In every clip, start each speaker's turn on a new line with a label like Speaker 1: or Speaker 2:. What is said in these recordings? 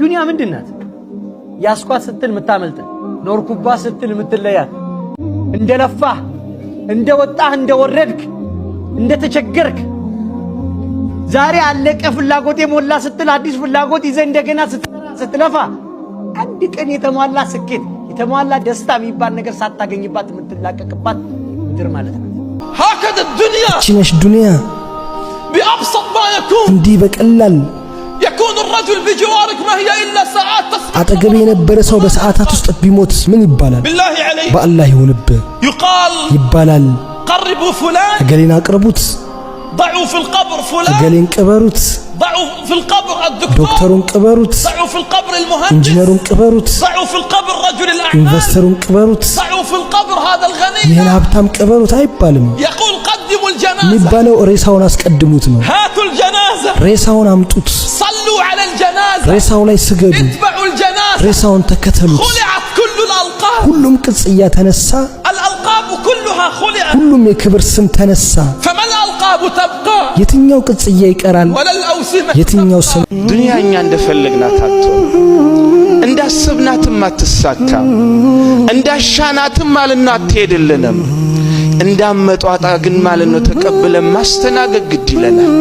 Speaker 1: ዱንያ ምንድን ናት? ያስኳት ስትል የምታመልጥ ኖርኩባ ስትል የምትለያት እንደለፋ፣ እንደወጣ እንደወረድክ፣ እንደተቸገርክ ዛሬ አለቀ ፍላጎት የሞላ ስትል አዲስ ፍላጎት ይዘ እንደገና ስትለፋ አንድ ቀን የተሟላ ስኬት የተሟላ ደስታ የሚባል ነገር ሳታገኝባት የምትላቀቅባት ምድር
Speaker 2: ማለት ነው። ሀከ ዱንያ
Speaker 3: ቺነሽ ዱንያ
Speaker 2: ቢአብሰጥ ማ የኩን
Speaker 3: እንዲህ በቀላል
Speaker 2: يكون الرجل بجوارك ما هي إلا ساعات
Speaker 3: تستقبل أتقبين برسو بساعتات تستقبل من يبالا
Speaker 2: بالله عليك
Speaker 3: بالله يولب يقال يبالا
Speaker 2: قربوا فلان
Speaker 3: أقلين أقربوت
Speaker 2: ضعوا في القبر فلان
Speaker 3: أقلين كبروت
Speaker 2: ضعوا في القبر الدكتور
Speaker 3: دكتور كبروت
Speaker 2: ضعوا في القبر المهندس
Speaker 3: انجينير كبروت
Speaker 2: ضعوا في القبر رجل الأعمال
Speaker 3: انفستر كبروت
Speaker 2: ضعوا في القبر هذا الغني
Speaker 3: يا هابتام كبروت هاي بالم
Speaker 2: يقول قدموا الجنازة
Speaker 3: يبالا ريساون أسقدموت
Speaker 2: هاتوا الجنازة
Speaker 3: ريساون أمتوت صل ሬሳው ላይ ስገዱ፣ ሬሳውን ተከተሉት። ሁሉም ቅጽያ ተነሳ፣ ሁሉም የክብር ስም ተነሳ። የትኛው ቅጽያ ይቀራል? የትኛው ስም?
Speaker 4: ዱንያ እኛ እንደፈለግናት አትሆን፣ እንዳሰብናትም አትሳካም፣ እንዳሻናትም አልና አትሄድልንም። እንዳመጧጣ ግን ማለት ነው ተቀብለን ማስተናገድ ግድ ይለናል።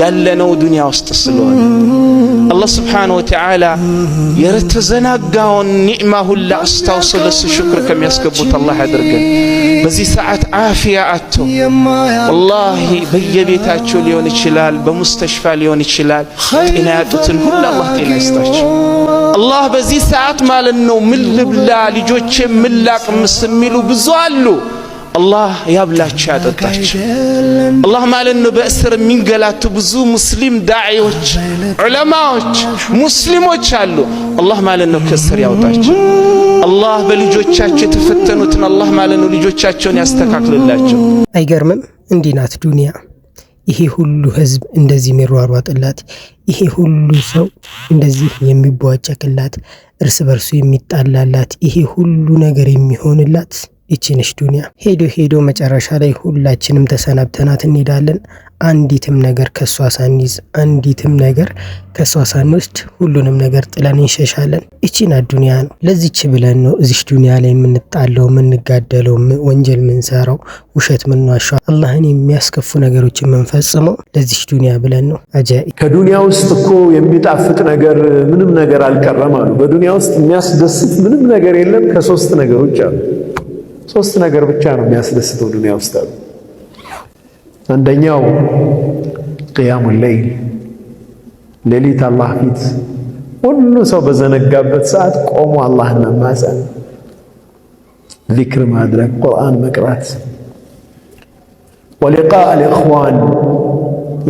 Speaker 4: ያለነው ዱንያ ውስጥ ስለሆነ አላህ ስብሓነሁ ወተዓላ የተዘናጋውን ኒዕማ ሁላ አስታውሶ ለሱ ሽክር ከሚያስገቡት አላህ ያድርገን። በዚህ ሰዓት አፍያ አቶ ወላሂ በየቤታቸው ሊሆን ይችላል፣ በሙስተሽፋ ሊሆን ይችላል። ጤና ያጡትን ሁላ አላህ ጤና ይስጣቸው። አላህ በዚህ ሰዓት ማለት ነው ምን ልብላ ልጆቼ ምን ላቅምስ የሚሉ ብዙ አሉ። አላህ ያብላች ያጠጣች። አላህ ማለት ነው በእስር የሚንገላቱ ብዙ ሙስሊም ዳዒዎች፣ ዑለማዎች፣ ሙስሊሞች አሉ። አላህ ማለት ነው ከእስር ያውጣች። አላህ በልጆቻቸው የተፈተኑትን አላህ ማለት ነው ልጆቻቸውን ያስተካክልላቸው።
Speaker 3: አይገርምም? እንዲህ ናት ዱንያ። ይሄ ሁሉ ህዝብ እንደዚህ የሚሯሯጥላት፣ ይሄ ሁሉ ሰው እንደዚህ የሚቧጨቅላት፣ እርስ በርሱ የሚጣላላት፣ ይሄ ሁሉ ነገር የሚሆንላት ይችንሽ ዱንያ ሄዶ ሄዶ መጨረሻ ላይ ሁላችንም ተሰናብተናት እንሄዳለን። አንዲትም ነገር ከሷ ሳንይዝ፣ አንዲትም ነገር ከሷ ሳንወስድ ሁሉንም ነገር ጥለን እንሸሻለን። ይቺን ዱንያ ነው። ለዚች ብለን ነው እዚች ዱንያ ላይ የምንጣለው፣ የምንጋደለው፣ ወንጀል የምንሰራው፣ ውሸት የምንዋሻው፣ አላህን የሚያስከፉ ነገሮችን የምንፈጽመው ለዚች ዱንያ ብለን ነው። አጃኢ
Speaker 4: ከዱንያ ውስጥ እኮ የሚጣፍጥ ነገር ምንም ነገር አልቀረም አሉ። በዱንያ ውስጥ የሚያስደስት ምንም ነገር የለም። ከሶስት ነገሮች አሉ ሶስት ነገር ብቻ ነው የሚያስደስተው ዱንያ ውስጥ አሉ። አንደኛው ቅያሙ ለይል ሌሊት አላህ ፊት ሁሉ ሰው በዘነጋበት ሰዓት ቆሞ አላህን መማፀን፣ ዚክር ማድረግ፣ ቁርአን መቅራት፣ ወሊቃ አልእኽዋን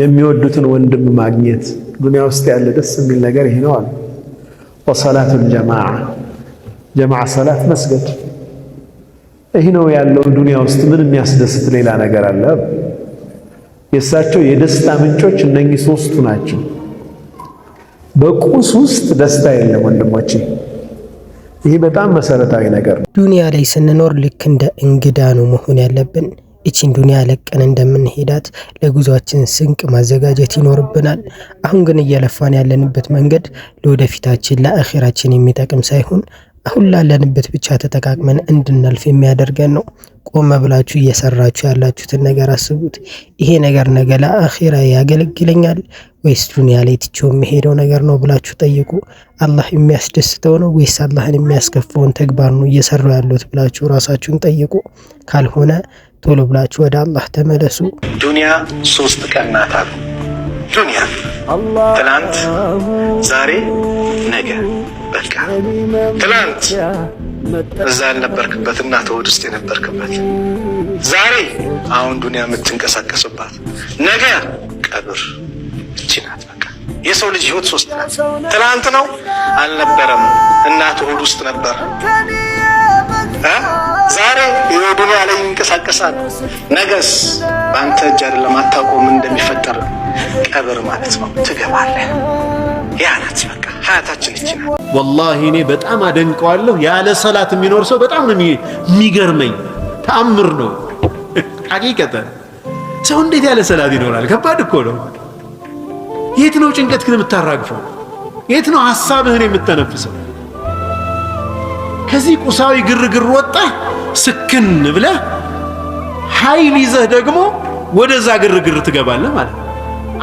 Speaker 4: የሚወዱትን ወንድም ማግኘት። ዱንያ ውስጥ ያለ ደስ የሚል ነገር ይሄ ነው አሉ። ወሰላቱል ጀማዓ ጀማዓ ሰላት መስገድ ይህ ነው ያለው። ዱንያ ውስጥ ምን የሚያስደስት ሌላ ነገር አለ? የእሳቸው የደስታ ምንጮች እነኚህ ሶስቱ ናቸው። በቁስ ውስጥ ደስታ የለም ወንድሞቼ። ይህ በጣም መሰረታዊ ነገር ነው።
Speaker 3: ዱንያ ላይ ስንኖር ልክ እንደ እንግዳ ነው መሆን ያለብን። እቺን ዱንያ ለቀን እንደምንሄዳት ለጉዟችን ስንቅ ማዘጋጀት ይኖርብናል። አሁን ግን እየለፋን ያለንበት መንገድ ለወደፊታችን ለአኺራችን የሚጠቅም ሳይሆን አሁን ላለንበት ብቻ ተጠቃቅመን እንድናልፍ የሚያደርገን ነው። ቆመ ብላችሁ እየሰራችሁ ያላችሁትን ነገር አስቡት። ይሄ ነገር ነገ ለአኺራ ያገለግለኛል ወይስ ዱንያ ላይ ትቼው የሚሄደው ነገር ነው ብላችሁ ጠይቁ። አላህ የሚያስደስተው ነው ወይስ አላህን የሚያስከፈውን ተግባር ነው እየሰራው ያሉት ብላችሁ ራሳችሁን ጠይቁ። ካልሆነ ቶሎ ብላችሁ ወደ አላህ ተመለሱ።
Speaker 2: ዱንያ ሶስት ቀን ናት አሉ። ትናንት፣ ዛሬ፣ ነገ በቃ ትላንት እዛ ያልነበርክበት እናት ሆድ ውስጥ የነበርክበት ዛሬ አሁን ዱንያ የምትንቀሳቀስባት ነገ ቀብር እቺ ናት። በቃ የሰው ልጅ ህይወት ሶስት ናት። ትላንት ነው አልነበረም፣ እናት ሆድ ውስጥ ነበር። ዛሬ ይኸው ዱንያ ላይ ይንቀሳቀሳል። ነገስ በአንተ እጅ አይደለም፣ አታውቀውም እንደሚፈጠር ቀብር ማለት ነው። ትገባለህ። ያ ናት በቃ ሀያታችን እቺ ናት።
Speaker 4: ወላሂ እኔ በጣም አደንቀዋለሁ። ያለ ሰላት የሚኖር ሰው በጣም ነው የሚገርመኝ። ተአምር ነው ሐቂቀተ። ሰው እንዴት ያለ ሰላት ይኖራል? ከባድ እኮ ነው። የት ነው ጭንቀትህን የምታራግፈው? የት ነው ሐሳብህን የምትተነፍሰው? ከዚህ ቁሳዊ ግርግር ወጣ ስክን ብለህ ኃይል ይዘህ ደግሞ ወደዛ ግርግር ትገባለህ ማለት ነው።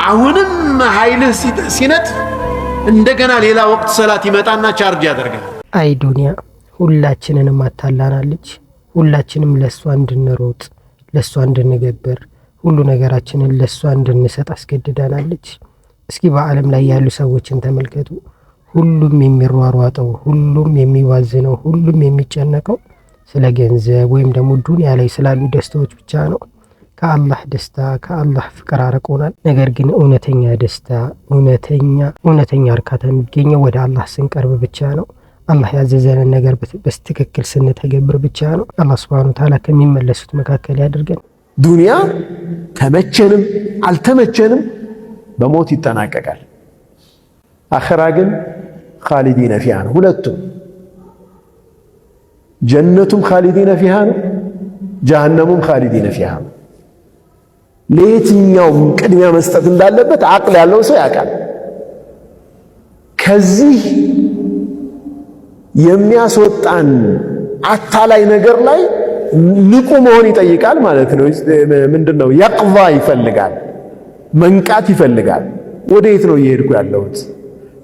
Speaker 4: አሁንም ኃይልህ ሲነጥ እንደገና ሌላ ወቅት ሰላት ይመጣና ቻርጅ ያደርጋል።
Speaker 3: አይ ዱንያ ሁላችንንም አታላናለች። ሁላችንም ለእሷ እንድንሮጥ፣ ለእሷ እንድንገብር ሁሉ ነገራችንን ለእሷ እንድንሰጥ አስገድዳናለች። እስኪ በዓለም ላይ ያሉ ሰዎችን ተመልከቱ። ሁሉም የሚሯሯጠው፣ ሁሉም የሚባዝነው፣ ሁሉም የሚጨነቀው ስለ ገንዘብ ወይም ደግሞ ዱንያ ላይ ስላሉ ደስታዎች ብቻ ነው። ከአላህ ደስታ ከአላህ ፍቅር አርቆናል። ነገር ግን እውነተኛ ደስታ እውነተኛ እውነተኛ እርካታ የሚገኘው ወደ አላህ ስንቀርብ ብቻ ነው። አላህ ያዘዘንን ነገር በትክክል ስንተገብር ብቻ ነው። አላህ ስብሐነሁ ወተዓላ ከሚመለሱት መካከል ያደርገን
Speaker 4: ዱንያ ተመቸንም አልተመቸንም በሞት ይጠናቀቃል። አኸራ ግን ኻሊዲነ ፊሃ ነው። ሁለቱም ጀነቱም ኻሊዲነ ፊሃ ነው፣ ጀሃነሙም ኻሊዲነ ፊሃ ነው። ለየትኛውም ቅድሚያ መስጠት እንዳለበት አቅል ያለው ሰው ያውቃል። ከዚህ የሚያስወጣን አታላይ ነገር ላይ ንቁ መሆን ይጠይቃል ማለት ነው። ምንድን ነው የቅቫ ይፈልጋል፣ መንቃት ይፈልጋል። ወደ የት ነው እየሄድኩ ያለሁት፣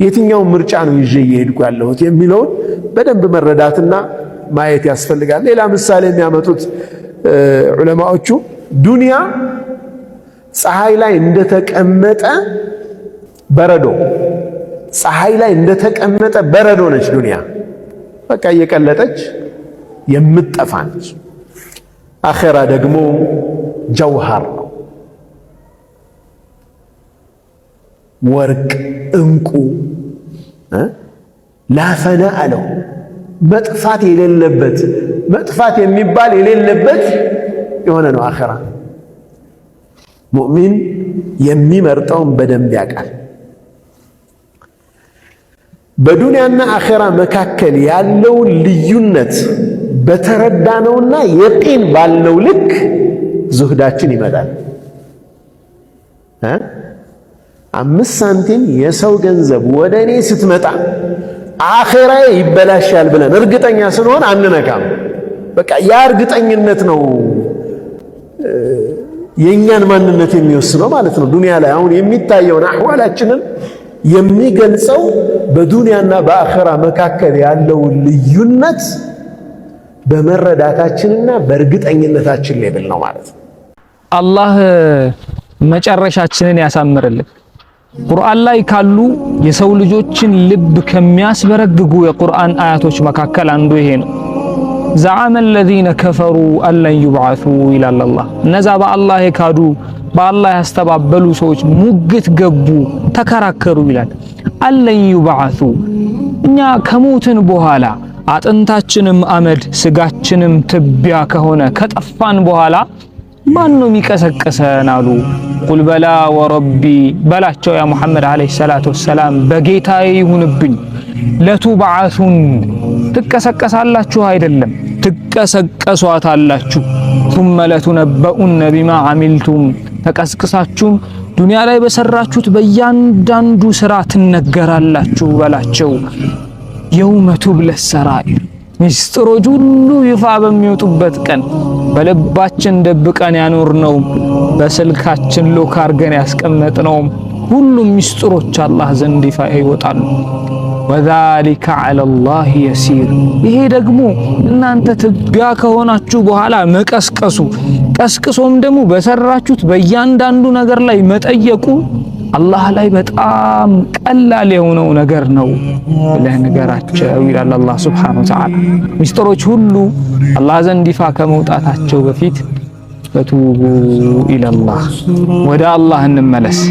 Speaker 4: የትኛውን ምርጫ ነው ይዤ እየሄድኩ ያለሁት የሚለውን በደንብ መረዳትና ማየት ያስፈልጋል። ሌላ ምሳሌ የሚያመጡት ዑለማዎቹ ዱንያ ፀሐይ ላይ እንደተቀመጠ በረዶ ፀሐይ ላይ እንደተቀመጠ በረዶ ነች ዱንያ። በቃ እየቀለጠች የምትጠፋ ነች። አኼራ ደግሞ ጀውሃር ነው፣ ወርቅ እንቁ ላፈነ አለው መጥፋት የሌለበት መጥፋት የሚባል የሌለበት የሆነ ነው አኼራ። ሙእሚን የሚመርጠውን በደንብ ያውቃል። በዱንያና አኼራ መካከል ያለውን ልዩነት በተረዳነውና የጤን ባልነው ልክ ዙህዳችን ይመጣል። አምስት ሳንቲም የሰው ገንዘብ ወደ እኔ ስትመጣ አኼራዬ ይበላሻል ብለን እርግጠኛ ስንሆን አንነካም። በቃ ያ እርግጠኝነት ነው የእኛን ማንነት የሚወስነው ማለት ነው። ዱንያ ላይ አሁን የሚታየውን አህዋላችንን የሚገልጸው በዱንያና በአኸራ መካከል ያለውን ልዩነት በመረዳታችንና በእርግጠኝነታችን ሌብል ነው ማለት ነው።
Speaker 3: አላህ መጨረሻችንን ያሳምርልን። ቁርአን ላይ ካሉ የሰው ልጆችን ልብ ከሚያስበረግጉ የቁርአን አያቶች መካከል አንዱ ይሄ ነው። ዘዓመ ለዚነ ከፈሩ አለን ዩብዓሱ ይላል አላህ። እነዛ በአላህ የካዱ በአላህ ያስተባበሉ ሰዎች ሙግት ገቡ፣ ተከራከሩ ይላል። አለን ዩብዓሱ እኛ ከሞትን በኋላ አጥንታችንም አመድ ስጋችንም ትቢያ ከሆነ ከጠፋን በኋላ ማን ነው የሚቀሰቅሰን አሉ። ቁል በላ ወረቢ በላቸው ያ ሙሐመድ ዓለይሂ ሰላቱ ወሰላም በጌታዬ ይሁንብኝ ለቱባዓሱን ትቀሰቀሳላችሁ አይደለም ትቀሰቀሷታላችሁ። ቱመ ለቱነበኡነ ቢማ አሚልቱም ተቀስቅሳችሁም ዱንያ ላይ በሰራችሁት በእያንዳንዱ ስራ ትነገራላችሁ በላቸው። የውመ ቱብለስ ሰራኢር ሚስጥሮች ሁሉ ይፋ በሚወጡበት ቀን በልባችን ደብቀን ያኖርነውም በስልካችን ሎክ አርገን ያስቀመጥነውም ሁሉም ሚስጥሮች አላህ ዘንድ ይፋ ይወጣሉ። ወዛሊከ ዐለላህ የሲር ይሄ ደግሞ እናንተ ትቢያ ከሆናችሁ በኋላ መቀስቀሱ ቀስቅሶም ደግሞ በሰራችሁት በእያንዳንዱ ነገር ላይ መጠየቁ አላህ ላይ በጣም ቀላል የሆነው ነገር ነው ብለህ ንገራቸው ይላል አላህ ሱብሓነሁ ወተዓላ። ሚስጥሮች ሁሉ አላህ ዘንድ ይፋ ከመውጣታቸው በፊት ፈቱቡ ኢለላህ ወደ አላህ እንመለስ።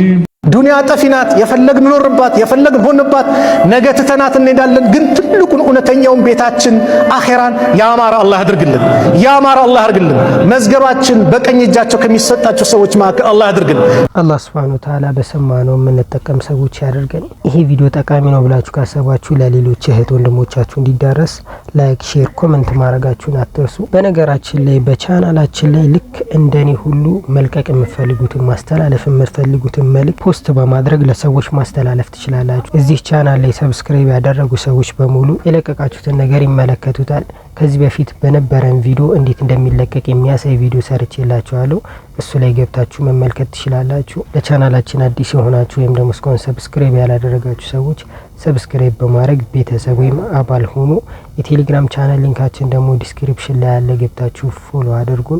Speaker 4: ዱንያ ጠፊ ናት። የፈለግን ኖርባት የፈለግን ሆንባት ነገ ትተናት እንሄዳለን። ግን ትልቁን እውነተኛውን ቤታችን አኼራን ያማረ አላህ አድርግልን፣ ያማረ አላህ አድርግልን። መዝገባችን በቀኝ እጃቸው ከሚሰጣቸው ሰዎች መካከል አላህ አድርግልን።
Speaker 3: አላህ ሱብሓነሁ ወተዓላ በሰማነው የምንጠቀም ሰዎች ያደርገን። ይሄ ቪዲዮ ጠቃሚ ነው ብላችሁ ካሰባችሁ ለሌሎች እህት ወንድሞቻችሁ እንዲዳረስ ላይክ፣ ሼር፣ ኮመንት ማድረጋችሁን አትርሱ። በነገራችን ላይ በቻናላችን ላይ ልክ እንደኔ ሁሉ መልቀቅ የምትፈልጉትን ማስተላለፍ የምትፈልጉትን መልእክት ፖስት በማድረግ ለሰዎች ማስተላለፍ ትችላላችሁ። እዚህ ቻናል ላይ ሰብስክራይብ ያደረጉ ሰዎች በሙሉ የለቀቃችሁትን ነገር ይመለከቱታል። ከዚህ በፊት በነበረን ቪዲዮ እንዴት እንደሚለቀቅ የሚያሳይ ቪዲዮ ሰርቼላችኋለሁ። እሱ ላይ ገብታችሁ መመልከት ትችላላችሁ። ለቻናላችን አዲስ የሆናችሁ ወይም ደግሞ እስካሁን ሰብስክራይብ ያላደረጋችሁ ሰዎች ሰብስክራይብ በማድረግ ቤተሰብ ወይም አባል ሆኑ። የቴሌግራም ቻናል ሊንካችን ደግሞ ዲስክሪፕሽን ላይ ያለ ገብታችሁ ፎሎ አድርጉን።